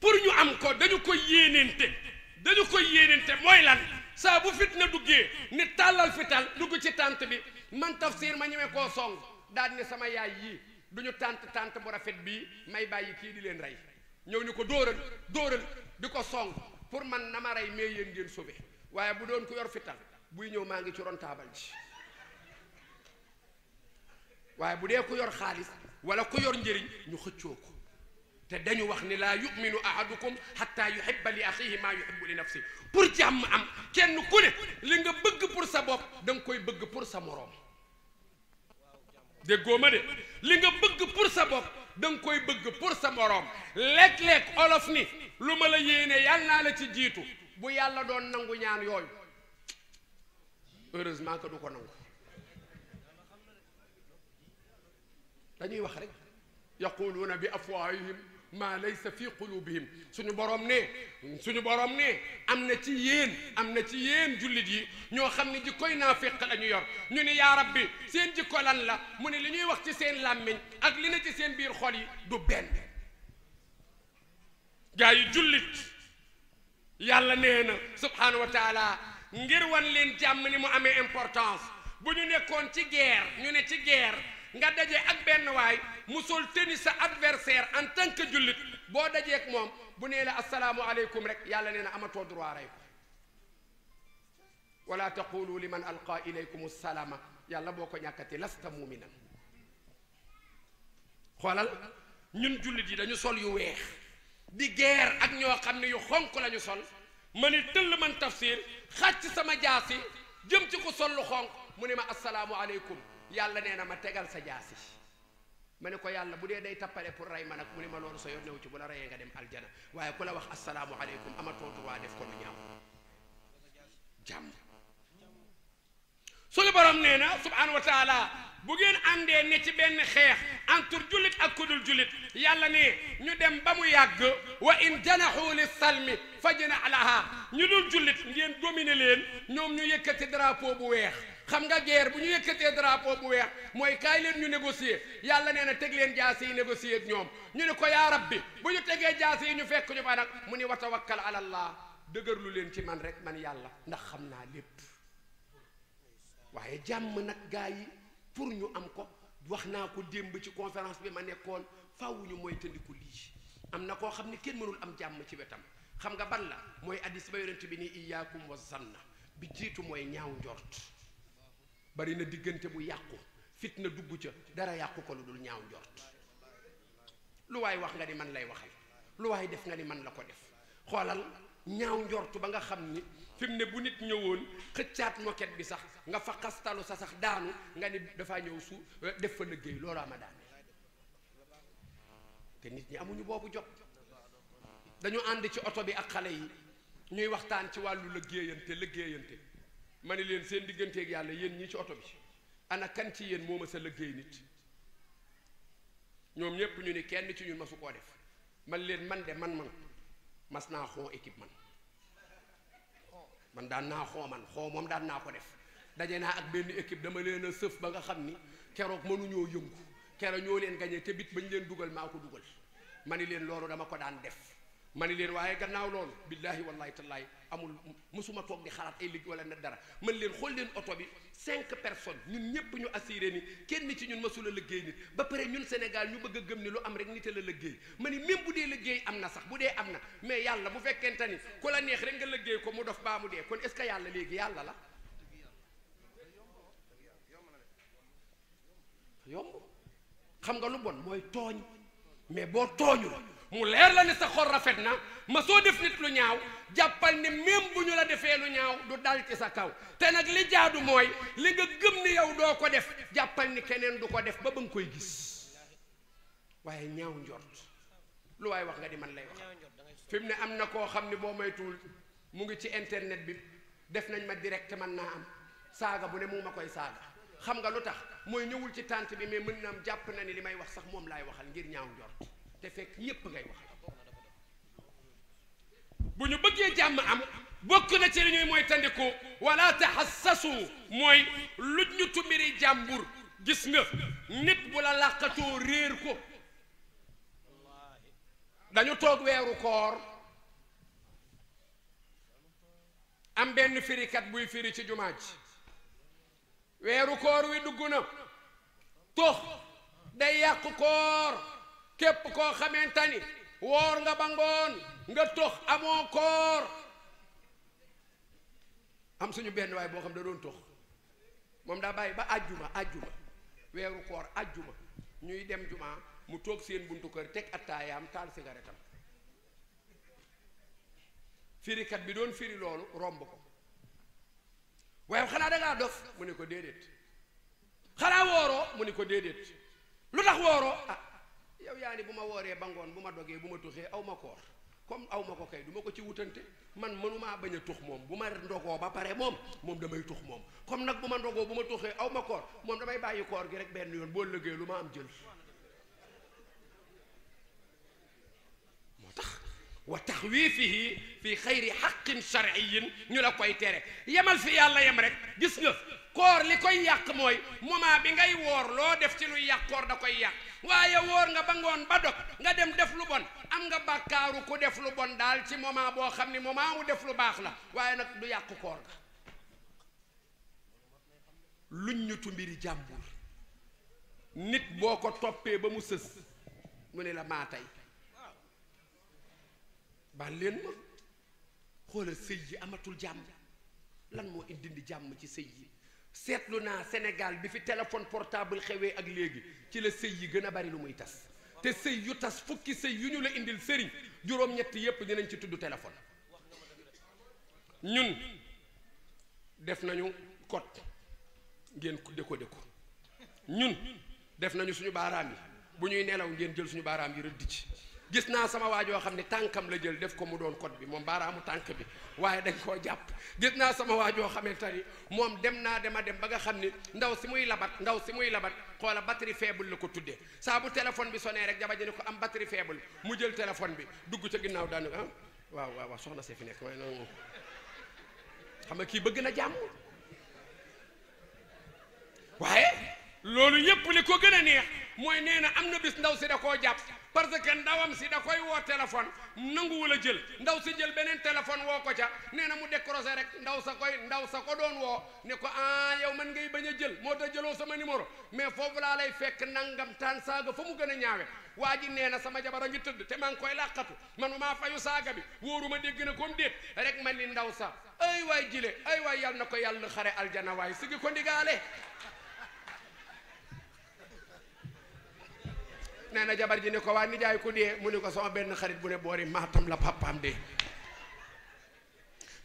pour ñu am ko dañu ko yéenente dañu ko yéenente mooy lan saa bu fitna duggee ni tàllal fital dugg ci tànt bi man tafsir ma ñemee koo song daal ne sama yaay yii duñu tànt tànt bu rafet bii may bàyyi kii di leen rey ñëw ni ko dóoral dóoral di ko song pour man na ma rey mais yéen ngeen sauvé waaye bu doon ko yor buy ñëw maa ngi ci ron taabal ji waaye bu dee ku yor xaalis wala ku yor njëriñ ñu xëccoo ko te dañu wax ni laa yuminu ahadukum xatta yuhibba li axihi maa yuhibbu li nafsi pour jàmm am kenn ku ne pour sa bopp da koy bëgg pour sa moroom déggoo ma pour sa bopp da nga koy bëgg pour sa moroom léeg-léeg olof ni lu la yéene yàlla naa la ci jiitu bu yàlla doon nangu ñaan yooyu heureusement que du ko nangu dañuy wax rek yaquluuna bi afwaahihim maa laysa fi qulubihim suñu borom ne suñu borom ne am na ci am na ci yéen jullit yi ñoo xam ne jikkoy naafiq la ñu yor ñu ni yaa rabbi seen jikko lan la mu ne li ñuy wax ci seen làmmiñ ak li ne ci seen biir xol yi du benn gaa yi jullit yàlla nee na subhaanahu ngir wan leen jàmm ni mu amee importance bu ñu nekkoon ci guerre ñu ne ci guerre nga daje ak benn waay mu sol teni sa adversaire en tant que jullit boo dajeek moom bu nee la asalaamualeykum rek yàlla nee na amatoo droit rey ko wala taqulu liman alqa ilaykum salaama yàlla boo ko ñàkkati lasta muminan xoolal ñun jullit yi dañu sol yu weex di guerre ak ñoo xam ne yu xonq lañu sol ma ni tëll man tafsir xàcc sama jaasi jëm ci ko sol lu xonq mu ne ma aleykum yàlla nee na ma tegal sa jaasi ma ne ko yàlla bu dee day tappale pour ray ma nag mu ne ma loolu sa yoon newu ci bu la reyee nga dem aljana waaye ku la wax asalaamu aleykum amatoo droit def ko lu ñaaw jàmm suñu borom nee na subhaanahu wa taala bu ngeen àndee ne ci benn xeex entre jullit ak kudul jullit yàlla ne ñu dem ba mu yàgg wa in janaxu li salmi fajna laha ñu dul jullit ngeen dominer leen ñoom ñu yëkkati drapeau bu weex xam nga guerre bu ñu yëkkatee drapeau bu weex mooy kaay leen ñu négocier yàlla nee na teg leen jaasi yi négocier ak ñoom ñu ne ko yaa bi bu ñu tegee jaasi yi ñu fekk ñu fa nag mu ni wa tawakkal ala allah dëgërlu leen ci man rek man yàlla ndax xam naa lépp waaye jàmm nag gaa yi pour ñu am ko wax naa ko démb ci conférence bi ma nekkoon faaw ñu mooy tëndiku lii am na koo xam ne kenn mënul am jàmm ci wetam xam nga ban la mooy addis ba bi ni iyaakum wa zanna bi jiitu mooy ñaaw njort bari na diggante bu yàqu fitna dugg ca dara yàqu ko lu dul ñaaw njort lu waay wax nga ni man lay waxal lu waay def nga ni man la ko def xoolal ñaaw njort ba nga xam ni fi mu ne bu nit ñëwoon xëccaat moket bi sax nga fa xastalu sa sax daanu nga ni dafaa ñëw su eh, def fa liggéey loolu ama daane te nit ñi amuñu boobu jot dañu ànd ci oto bi ak xale yi ñuy waxtaan ci wàllu liggéeyante liggéeyante ma ne leen seen digganteek yàlla yéen ñi ci oto bi ana kan ci yéen moo ma sa liggéey nit ñoom ñépp ñu ni kenn ci ñun masu koo def man leen man de man man mas naa xoo équipe man man daan naa xoo man xoo moom daan naa ko def daje naa ak benn équipe dama leen a sëf ba nga xam ni keroog mënuñoo yëngu keroog ñoo leen gañee te bit bañ leen dugal maa ko dugal ma ni leen loolu dama ko daan def ma ni leen waaye gannaaw loolu billaahi wallaahi tallaahi amul musuma toog di xalaat ay liggéey wala na dara man leen xool leen oto bi cinq personnes ñun ñépp ñu assuré ni kenn ci ñun masul a liggéey nit ba pare ñun Sénégal ñu bëgg a gëm ni lu am rek nit a la liggéey ma ni même bu dee liggéey am na sax bu dee am na mais yàlla bu fekkente ni ku la neex rek nga liggéey ko mu dof baa mu dee kon est ce que yàlla léegi yàlla la yomb xam nga lu bon mooy tooñ mais boo tooñul mu leer la ne sa xol rafet na ma soo def nit lu ñaaw jàppal ne même bu ñu la defee lu ñaaw du dal ci sa kaw te nag li jaadu mooy li nga gëm ni yow doo ko def jàppal ni keneen du ko def ba ba nga koy gis waaye ñaaw njort lu waaye wax nga di man lay wax fi mu ne am na koo xam ne boo maytuwul mu ngi ci internet bi def nañ ma direct man naa am saaga bu ne mu ma koy saaga xam nga lu tax mooy ñëwul ci tànt bi mais mën na am jàpp na ni li may wax sax moom laay waxal ngir ñaaw njort te fekk ñépp ngay wax bu ñu bëggee jàmm am bokk na ci li ñuy mooy tandiku wala taxassasu mooy lu ñu tumbiri jàmbur gis nga nit bu la làqatoo réer ko dañu toog weeru koor am benn firikat buy firi ci jumaa ji weeru koor wi dugg na tox day yàq koor képp koo xamante ni woor nga ba ngoon nga tox amoo koor am suñu benn waay boo xam da doon tox moom daa bàyyi ba àjjuma àjjuma weeru koor àjjuma ñuy dem juma mu toog seen buntu kër teg attaayaam taal sigaretam firikat bi doon firi loolu romb ko waaye xanaa dangaa dof mu ne ko déedéet xanaa wooroo mu ne ko déedéet lu tax wooroo ah yow yaa ni bu ma wooree ba ngoon bu ma dogee bu ma tuxee aw ma koor comme aw ma ko kay duma ko ci wutante man mënumaa bañ a tux moom bu ma ndogoo ba pare moom moom damay tux moom comme nag bu ma ndogoo bu ma tuxee aw ma koor moom damay bàyyi koor gi rek benn yoon boo lëggee lu ma am jël moo tax wa taxwiifihi fi xayri xaqin sharciyin ñu la koy tere yemal fi yàlla yem rek gis nga koor li koy yàq mooy moment bi ngay woor loo def ci luy yàq koor da koy yàq waaye woor nga ba ngoon ba dog nga dem def lu bon am nga bàkkaaru ku def lu bon daal ci moment boo xam ni moment wu def lu baax la waaye nag lu yàqu koor ga luñ ñu tumbiri jàmbur nit boo ko toppee ba mu sës mu ne la maa tey baal leen ma xoolal sëy yi amatul jàmm lan moo indi jàmm ci sëy yi seetlu naa Sénégal bi fi téléphone portable xewee ak léegi ci la sëy yi gën a bari lu muy tas te sëy yu tas fukki sëy yu ñu la indil sëriñ juróom-ñett yépp dinañ ci tudd téléphone ñun def nañu code ngeen décodé ko ñun def nañu suñu baaraam yi bu ñuy nelaw ngeen jël suñu baaraam yi rëdd ci gis naa sama waajoo xam ne tànkam la jël def ko mu doon code bi moom baaraamu tànk bi waaye dañ koo jàpp gis naa sama waajoo xamante ni moom dem naa dema dem ba nga xam ni ndaw si muy labat ndaw si muy labat xoola batterie faible la ko tuddee saabu bu téléphone bi sonné rek jaba ji ne ko am batterie faible mu jël téléphone bi dugg ca ginnaaw daan ah, waaw waaw waaw soxna see fi nekk waaye noonu xam nga kii bëgg na jàmm waaye loolu yépp li ko gën a neex mooy nee na am na bis ndaw si da koo jàpp parce que ndawam si da koy woo téléphone nanguwul a jël ndaw si jël beneen téléphone woo ko ca nee na mu décroché rek ndaw sa koy ndaw sa ko doon woo ne ko ah yow man ngay bañ a jël moo tax jëloo sama numéro mais foofu laa lay fekk nangam taan saaga fo mu gën a ñaawe waa ji nee na sama jabar a ngi tëdd te maa ngi koy làqatu man maa fayu saaga bi wóoruma dégg na comme déet rek man ni ndaw sa ay waay jile ay waay yàlla na ko yàlla xare aljana waay sigi nee na jabar ji ni ko waa nijaay ku dee mu ni ko sama benn xarit bu ne boori maatam la papaam dee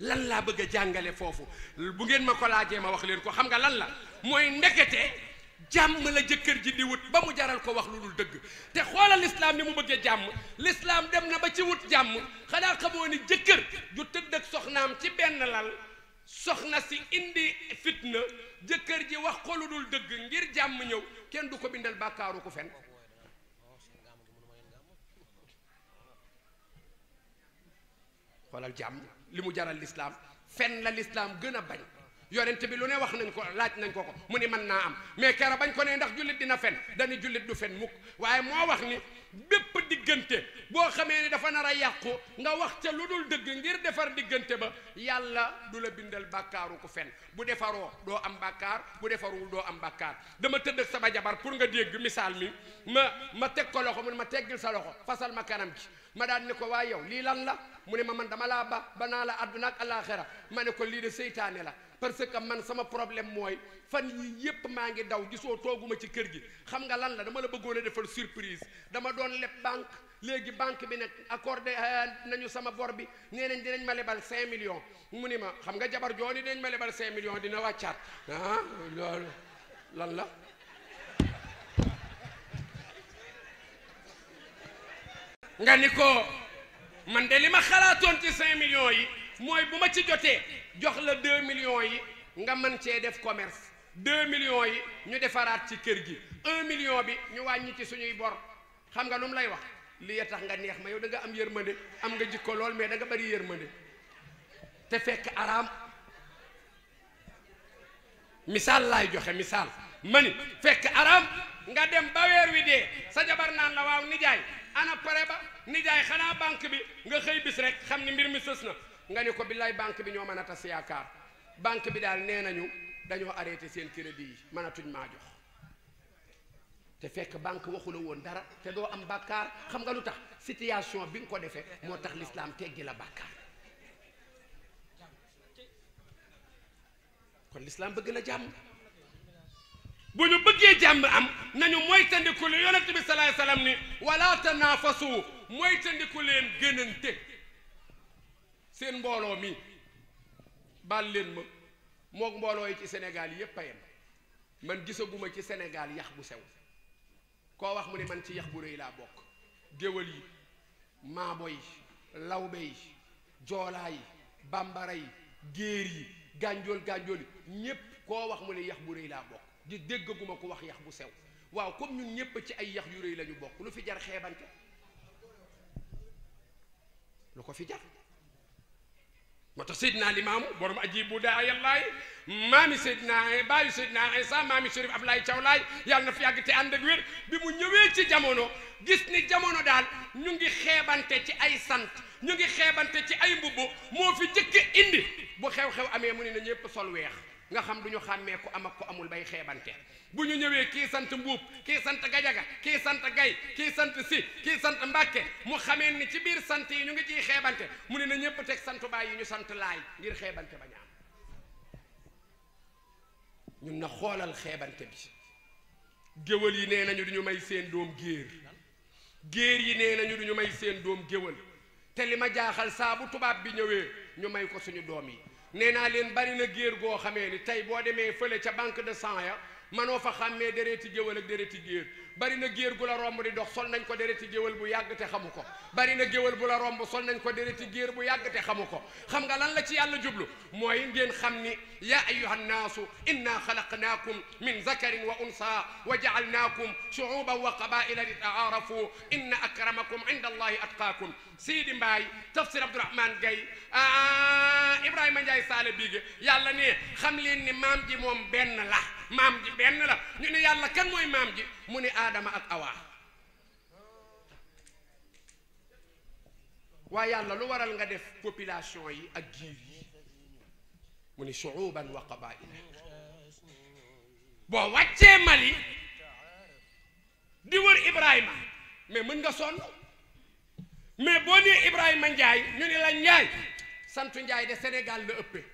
lan laa bëgg jàngale foofu bu ngeen ma ko laajee ma wax leen ko xam nga lan la mooy ndekete jàmm la jëkkër ji di wut ba mu jaral ko wax lu dul dëgg te xoolal lislaam ni mu bëggee jàmm lislaam dem na ba ci wut jàmm xanaa xamoo ni jëkkër ju tëdd ak soxnaam ci benn lal soxna si indi fitna jëkkër ji wax ko lu dul dëgg ngir jàmm ñëw kenn du ko bindal bàkkaaru ku fen xoolal jàmm li mu jaral lislaam fenn la lislaam gën a bañ yonent bi lu ne wax nañ ko laaj nañ ko ko mu ne mën naa am mais kera bañ ko ne ndax jullit dina fen dañu jullit du fen mukk waaye moo wax ni bépp diggante boo xamee ni dafa nar a yàqu nga wax ca lu dul dëgg ngir defar diggante ba yàlla du la bindal bàkkaaru ko fen bu defaroo doo am bàkkaar bu defarul doo am bàkkaar dama tëdd ak sama jabar pour nga dégg misaal mi ma ma teg ko loxo mu ne ma teggil sa loxo fasal ma kanam gi ma daan ne ko waa yow lii lan la mu ne ma man dama laa ba banaa la àdduna ak alaxira ma ne ko lii de seytaane la parce que man sama problème mooy fan yi yépp maa ngi daw gisoo tooguma ci kër gi xam nga lan la dama la bëggoon a defal surprise dama doon leb banque léegi banque bi nag accordé eh, nañu sama bor bi nee nañ dinañ ma lebal cinq millions mu ne ma xam nga jabar jooni dinañ ma lebal cinq millions dina wàccaat ah lan la nga ni ko man de li ma xalaatoon ci cinq millions yi mooy bu ma ci jotee jox la deux millions yi nga mën cee def commerce deux millions yi ñu defaraat ci kër gi un million bi ñu wàññi ci suñuy bor xam nga lu mu lay wax li ya tax nga neex ma yow da nga am yërmande am nga jikko lool mais da nga bari yërmande te fekk araam misaal laay joxe misaal ma ni fekk araam nga dem ba weer wi dee sa jabar naan la waaw nijaay ana pare ba nijaay xanaa banque bi nga xëy bis rek xam ni mbir mi sës na nga ni ko billaay banque bi ñoo mën a tas yaakaar banque bi daal nee nañu dañoo arrêté seen crédit yi mënatuñ maa jox te fekk banque waxu la woon dara te doo am bàkkaar xam nga lu tax situation bi nga ko defee moo tax lislaam teggi la bàkkaar kon lislaam bëgg na jàmm bu ñu bëggee jàmm am nañu moytandiku li yonent bi salaay salaam ni wala tanaafasu moytandiku leen gënante seen mbooloo mi baal leen ma mook mbooloo ci Sénégal yépp a man gisaguma ci Sénégal yax bu sew koo wax mu ni man ci yax bu rëy laa bokk géwël yi maabo yi lawbe yi joolaa yi bambara yi géer yi gànjool gànjool yi ñépp koo wax mu ne yax bu rëy laa bokk di déggaguma ko wax yax bu sew waaw comme ñun ñépp ci ay yax yu rëy la ñu bokk lu fi jar xeebante lu ko fi jar moo tax Seydina Limaamu borom ajibu daa yàllaay maami Seydina baayu Seydina Isa maami Chérif Ablaye Thiaw Laay yàlla na fi àgg te ànd ak wér bi mu ñëwee ci jamono gis ni jamono daal ñu ngi xeebante ci ay sant ñu ngi xeebante ci ay mbubb moo fi jëkk indi bu xew-xew amee mu ne na ñëpp sol weex nga xam du ñu xàmmee ku am ak ku amul bay xeebante bu ñu ñëwee kii sant mbuub kii sant gajaga kii sant gay kii sant si kii sant mbàkke mu xamee ni ci biir sant yi ñu ngi ciy xeebante mu ne na ñépp teg santu baay yi ñu sant laay ngir xeebante ba ñaam ñun na xoolal xeebante bi géwël yi nee nañu du ñu may seen doom géer géer yi nee nañu du ñu seen doom géwël te li ma jaaxal saabu tubaab bi ñëwee ñu may ko suñu doom yi nee naa leen bari na géer goo xamee ni tey boo demee fële ca banque de sang ya manoo fa xàmmee déreeti géwël ak déreeti géer bari na géer gu la di dox sol nañ ko dereti géwél bu yàgg te xamu ko bari na géwél bu la romb sol nañ ko dereti géer bu yàgg te xamu ko xam nga lan la ci yàlla jublu mooy ngeen xam ni yaa ayyuha nnaasu inna xalaqnaakum min zakarin wa unsa wa jaalnaakum shuuban wa qabaila li taarafu inna akramakum inda allahi atqaakum Sidi Mbaye tafsir Abdourahmane Gaye Ibrahima Ndiaye saala biige yàlla ne xam leen ni maam ji moom benn la maam ji benn la ñu ne yàlla kan mooy maam ji mu ni aadama ak awa waaye yàlla lu waral nga def population yi ak giir yi mu ni shuuban wa qabaila boo wàccee Mali di wër Ibrahima mais mën nga sonn mais boo nee Ibrahima Njaay ñu ni la Njaay santu Njaay de Sénégal la ëppee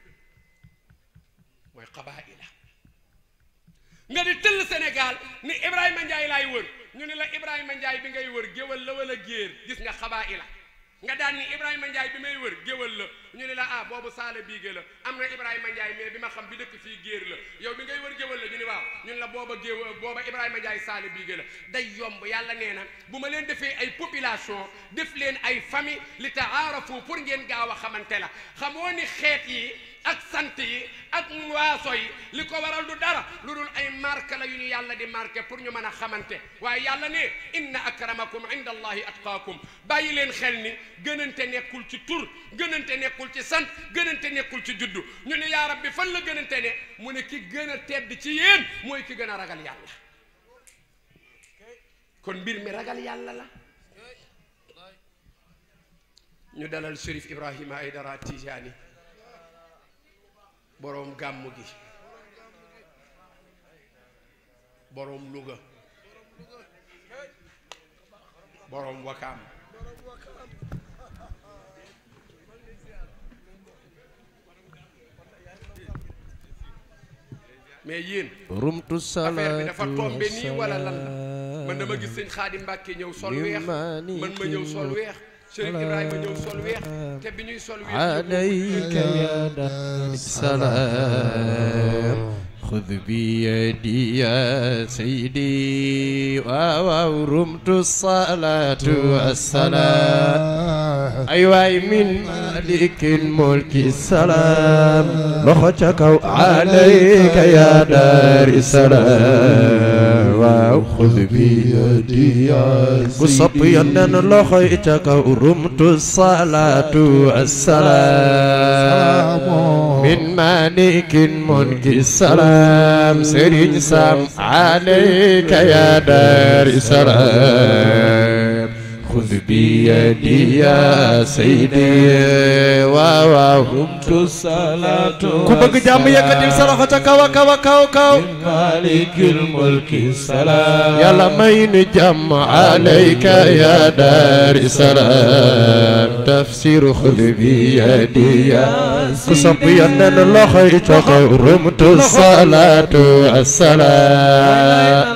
nga di tëll Sénégal ni Ibrahima Ndiaye laay wër ñu ne la Ibrahima Ndiaye bi ngay wër géwal la wala géer gis nga xabaa ila nga daan ni Ibrahima Ndiaye bi may wër géwal la ñu ne la ah boobu saala biige la am na Ibrahima Ndiaye mais bi ma xam bi dëkk fii géer la yow bi ngay wër géwal la ñu ne waaw ñu ne la booba géew booba Ibrahima Ndiaye saala biige la day yomb yàlla nee na bu ma leen defee ay population def leen ay famille li taarafu pour ngeen gaaw a xamante la xamoo ni xeet yi ak sant yi ak waaso yi li ko waral du dara lu dul ay marque la yu ñu yàlla di marqué pour ñu mën a xamante waaye yàlla ne inna akramakum inda allahi atqaakum bàyyi leen xel ni gënante nekkul ci tur gënante nekkul nekkul ci sant gënante ci juddu ñu ne yaa rabbi fan la gënante ne mu ne ki gën a tedd ci yéen mooy ki gën a ragal yàlla kon mbir mi ragal yàlla la ñu dalal Cherif Ibrahima Aidara Tijaani boroom gàmm gi boroom luga boroom Wakaam mais yéen rumtu salaatu affaire bi dafa tombé nii wala lan la man dama gis sëñ Xaadim Mbàkke ñëw sol weex man ma ñëw sol weex Sëriñ Ibrahima ñëw sol weex te bi ñuy sol weex alayka ya dar salaam xud bi yadi ya sayidi waaw waaw rumtu salaatu wassalaam ay waay min malikin mulki salaam loxo ca kaw alayka ya daari salaam waaw xud bi yadi ku sopp yonden loxoy ca kaw rumtu salaatu assalaam min salaam sëriñ sam alayka ya daari salaam خذ بيدي يا سيدي واو قمت الصلاة ku bëgg jàmm yëkkatil sa loxo ca kaw kaw kaw kaw malikil mulki salaam yàlla may nu jàmm alayka ya daari salaam tafsir xud bi yadi ya ku sopp yeneen loxo yi ca kaw rumtu salaatu assalaam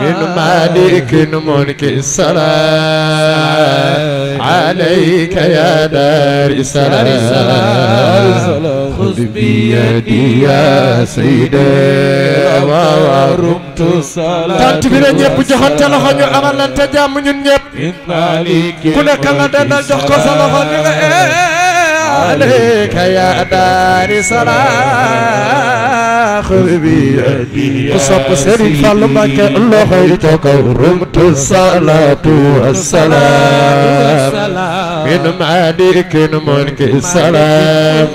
من مالك ملك السلام عليك يا دار السلام خذ بيدي يا سيدي ورمت السلام تانت بنا نيب جهن تلخن يو أمال لن تجام من نيب إن مالك ملك السلام عليك يا دار صلاح خبي قصب سري فلمك الله خيرتك ورمت الصلاة والسلام من مالك ملك السلام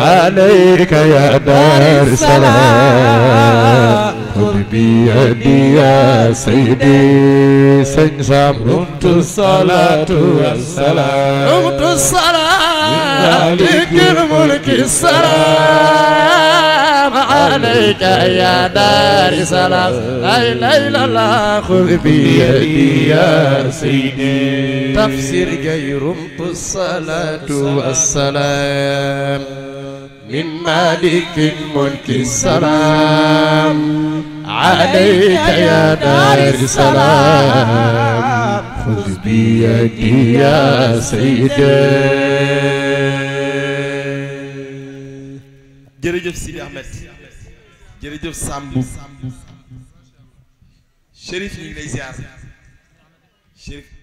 عليك يا دار السلام حبيبي هدي يا سيدي سنسام رمت الصلاة والسلام رمت الصلاة مالك الملك السلام عليك يا دار سلام لا اله الا الله خذ بيدي يا سيدي تفسير غير الصلاه والسلام من مالك الملك السلام عليك يا دار السلام خذ بيدي يا سيدي jërëjëf Sidi Ahmed jërëjëf Sambou Chérif ñu ngi lay ziar Chérif